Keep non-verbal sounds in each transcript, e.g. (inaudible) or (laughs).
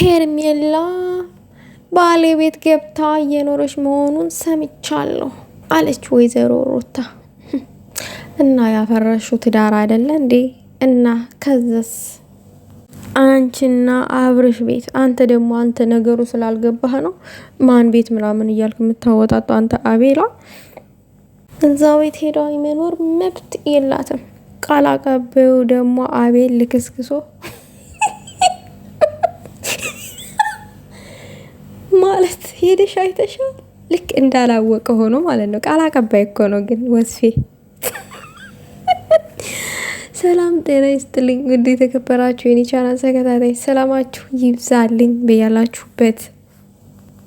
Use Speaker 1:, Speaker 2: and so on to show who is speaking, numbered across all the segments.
Speaker 1: ሄርሜላ ባሌ ቤት ገብታ እየኖረች መሆኑን ሰምቻለሁ አለች ወይዘሮ ሮታ። (laughs) እና ያፈረሹ ትዳር አይደለ እንዴ? እና ከዘስ አንቺና አብርሽ ቤት አንተ ደግሞ አንተ ነገሩ ስላልገባህ ነው ማን ቤት ምናምን እያልክ የምታወጣጡ አንተ አቤላ እዛ ቤት ሄዳ የመኖር መብት የላትም። ቃል አቀባዩ ደግሞ አቤል ልክስክሶ ሄደሽ አይተሻል? ልክ እንዳላወቀ ሆኖ ማለት ነው። ቃል አቀባይ እኮ ነው ግን ወስፌ ሰላም ጤና ይስጥልኝ። ውድ የተከበራችሁ የኔ ቻናል ተከታታይ ሰላማችሁ ይብዛልኝ በያላችሁበት።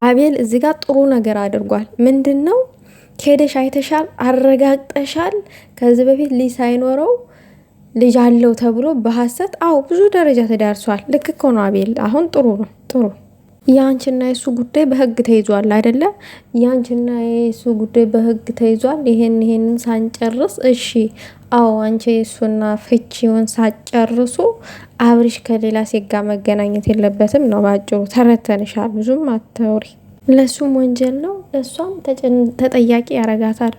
Speaker 1: አቤል እዚህ ጋር ጥሩ ነገር አድርጓል። ምንድን ነው ሄደሽ አይተሻል፣ አረጋግጠሻል። ከዚህ በፊት ልጅ ሳይኖረው ልጅ አለው ተብሎ በሀሰት አዎ፣ ብዙ ደረጃ ተዳርሷል። ልክ እኮ ነው አቤል። አሁን ጥሩ ነው ጥሩ የአንቺና የሱ ጉዳይ በህግ ተይዟል አይደለ? የአንቺና የሱ ጉዳይ በህግ ተይዟል። ይሄን ይሄንን ሳንጨርስ እሺ፣ አዎ አንቺ የሱና ፍቺውን ሳጨርሱ አብርሽ ከሌላ ሴት ጋር መገናኘት የለበትም ነው ባጭሩ። ተረተንሻል፣ ብዙም አታውሪ። ለሱም ወንጀል ነው፣ ለእሷም ተጠያቂ ያረጋታል፣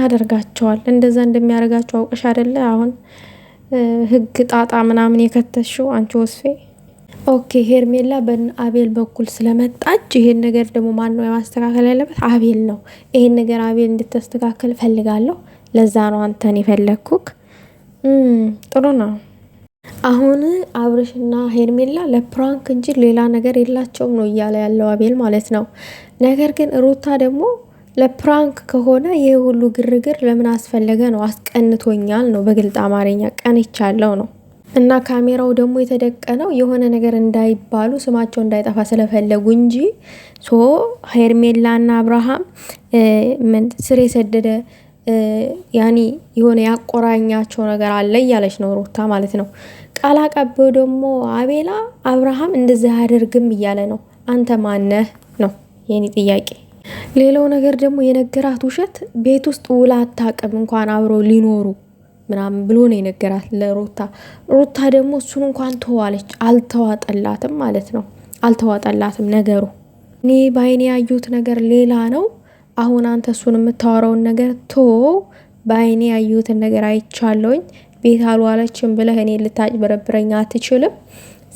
Speaker 1: ያደርጋቸዋል። እንደዛ እንደሚያደርጋቸው አውቀሽ አደለ? አሁን ህግ ጣጣ ምናምን የከተሽው አንቺ ወስፌ ኦኬ ሄርሜላ በአቤል በኩል ስለመጣች ይሄን ነገር ደግሞ ማን ነው የማስተካከል ያለበት? አቤል ነው። ይሄን ነገር አቤል እንድታስተካከል እፈልጋለሁ። ለዛ ነው አንተን የፈለግኩክ። ጥሩ ነው። አሁን አብርሽና ሄርሜላ ለፕራንክ እንጂ ሌላ ነገር የላቸውም ነው እያለ ያለው አቤል ማለት ነው። ነገር ግን ሩታ ደግሞ ለፕራንክ ከሆነ ይህ ሁሉ ግርግር ለምን አስፈለገ ነው። አስቀንቶኛል ነው፣ በግልጽ አማርኛ ቀንቻለው ነው እና ካሜራው ደግሞ የተደቀነው የሆነ ነገር እንዳይባሉ ስማቸው እንዳይጠፋ ስለፈለጉ እንጂ ሶ ሄርሜላና አብርሃም ስር የሰደደ ያኒ የሆነ ያቆራኛቸው ነገር አለ እያለች ነው ሩታ ማለት ነው። ቃል አቀባዩ ደግሞ አቤላ አብርሃም እንደዚህ አያደርግም እያለ ነው። አንተ ማነህ ነው የኔ ጥያቄ። ሌላው ነገር ደግሞ የነገራት ውሸት ቤት ውስጥ ውላ አታውቅም እንኳን አብረው ሊኖሩ ምናምን ብሎ ነው የነገራት ለሩታ። ሩታ ደግሞ እሱን እንኳን ተዋለች፣ አልተዋጠላትም ማለት ነው። አልተዋጠላትም ነገሩ። እኔ በአይኔ ያዩት ነገር ሌላ ነው። አሁን አንተ እሱን የምታወራውን ነገር ቶ በአይኔ ያዩትን ነገር አይቻለውኝ። ቤት አልዋለችም ብለህ እኔ ልታጭበረብረኝ አትችልም።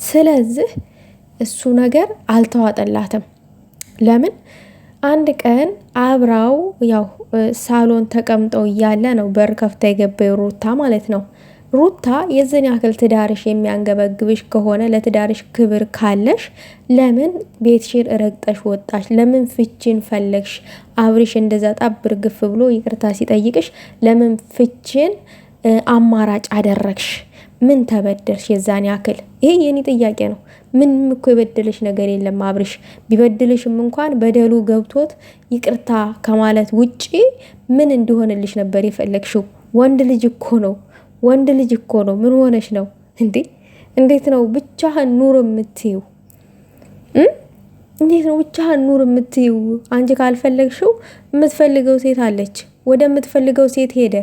Speaker 1: ስለዚህ እሱ ነገር አልተዋጠላትም። ለምን አንድ ቀን አብራው ያው ሳሎን ተቀምጠው እያለ ነው በር ከፍታ የገባው ሩታ ማለት ነው። ሩታ የዚህን ያክል ትዳርሽ የሚያንገበግብሽ ከሆነ ለትዳርሽ ክብር ካለሽ ለምን ቤትሽን ረግጠሽ ወጣሽ? ለምን ፍቺን ፈለግሽ? አብርሽ እንደዛ ጣብ ርግፍ ብሎ ይቅርታ ሲጠይቅሽ ለምን ፍቺን አማራጭ አደረግሽ? ምን ተበደልሽ የዛን ያክል? ይሄ የኔ ጥያቄ ነው። ምንም እኮ የበደለሽ ነገር የለም አብርሽ። ቢበድልሽም እንኳን በደሉ ገብቶት ይቅርታ ከማለት ውጪ ምን እንዲሆንልሽ ነበር የፈለግሽው? ወንድ ልጅ እኮ ነው፣ ወንድ ልጅ እኮ ነው። ምን ሆነሽ ነው እንዴ? እንዴት ነው ብቻህን ኑር የምትይው? እንዴት ነው ብቻህን ኑር የምትይው? አንቺ ካልፈለግሽው የምትፈልገው ሴት አለች። ወደ የምትፈልገው ሴት ሄደ።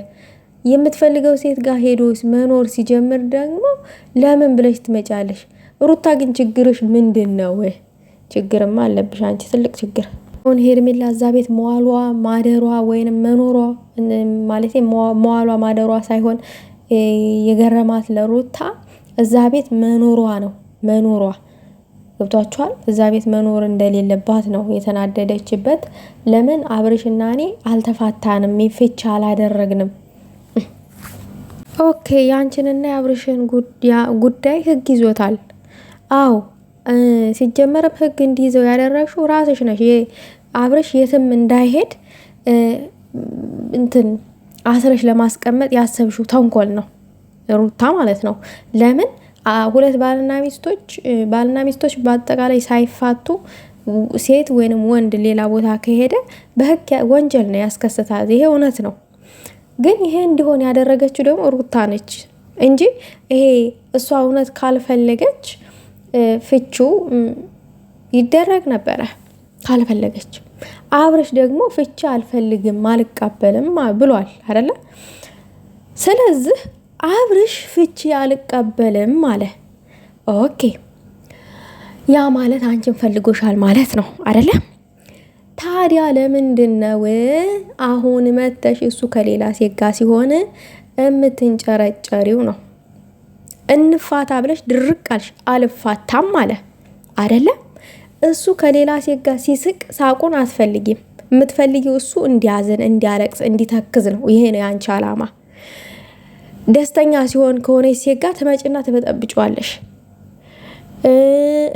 Speaker 1: የምትፈልገው ሴት ጋር ሄዶ መኖር ሲጀምር ደግሞ ለምን ብለሽ ትመጫለሽ? ሩታ ግን ችግርሽ ምንድን ነው? ችግርማ አለብሽ አንቺ ትልቅ ችግር። አሁን ሄርሜላ እዛ ቤት መዋሏ ማደሯ ወይንም መኖሯ ማለት መዋሏ ማደሯ ሳይሆን የገረማት ለሩታ እዛ ቤት መኖሯ ነው መኖሯ ገብቷችኋል። እዛ ቤት መኖር እንደሌለባት ነው የተናደደችበት። ለምን አብርሽና እኔ አልተፋታንም፣ ፍች አላደረግንም ኦኬ የአንችንና የአብርሽን ጉዳይ ህግ ይዞታል። አዎ ሲጀመርም ህግ እንዲይዘው ያደረግሽው ራስሽ ነሽ። አብርሽ የትም እንዳይሄድ እንትን አስረሽ ለማስቀመጥ ያሰብሽው ተንኮል ነው ሩታ ማለት ነው። ለምን ሁለት ባልና ሚስቶች ባልና ሚስቶች በአጠቃላይ ሳይፋቱ ሴት ወይንም ወንድ ሌላ ቦታ ከሄደ በህግ ወንጀል ነው ያስከስታል። ይሄ እውነት ነው። ግን ይሄ እንዲሆን ያደረገችው ደግሞ ሩታ ነች እንጂ ይሄ እሷ እውነት ካልፈለገች ፍቹ ይደረግ ነበረ። ካልፈለገች አብረሽ ደግሞ ፍቺ አልፈልግም አልቀበልም ብሏል አይደለ? ስለዚህ አብረሽ ፍቺ አልቀበልም አለ። ኦኬ ያ ማለት አንቺን ፈልጎሻል ማለት ነው አይደለ? ታዲያ ለምንድን ነው አሁን መተሽ እሱ ከሌላ ሴት ጋ ሲሆን የምትንጨረጨሪው ነው? እንፋታ ብለሽ ድርቅ አልሽ። አልፋታም አለ አይደለም። እሱ ከሌላ ሴት ሲስቅ ሳቁን አትፈልጊም። የምትፈልጊው እሱ እንዲያዝን፣ እንዲያለቅስ፣ እንዲተክዝ ነው። ይሄ ነው ያንቺ አላማ። ደስተኛ ሲሆን ከሆነ ሴት ጋ ትመጭና ትበጠብጫዋለሽ።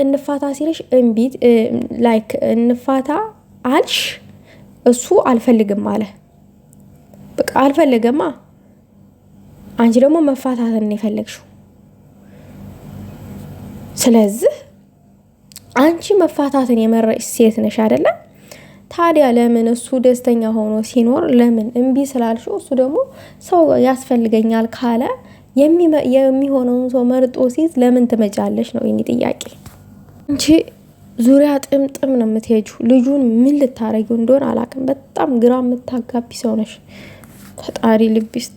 Speaker 1: እንፋታ ሲልሽ እምቢት ላይክ እንፋታ አልሽ፣ እሱ አልፈልግም አለ። በቃ አልፈለገማ። አንቺ ደግሞ መፋታትን ነው የፈለግሽው። ስለዚህ አንቺ መፋታትን የመረጭ ሴት ነሽ አይደለም? ታዲያ ለምን እሱ ደስተኛ ሆኖ ሲኖር ለምን እምቢ ስላልሽው እሱ ደግሞ ሰው ያስፈልገኛል ካለ የሚሆነውን ሰው መርጦ ሲይዝ ለምን ትመጫለሽ ነው የኔ ጥያቄ እንጂ ዙሪያ ጥምጥም ነው የምትሄጁ። ልጁን ምን ልታረጊው እንደሆነ አላውቅም። በጣም ግራ የምታጋቢ ሰው ነሽ። ፈጣሪ ልብ ይስጥ።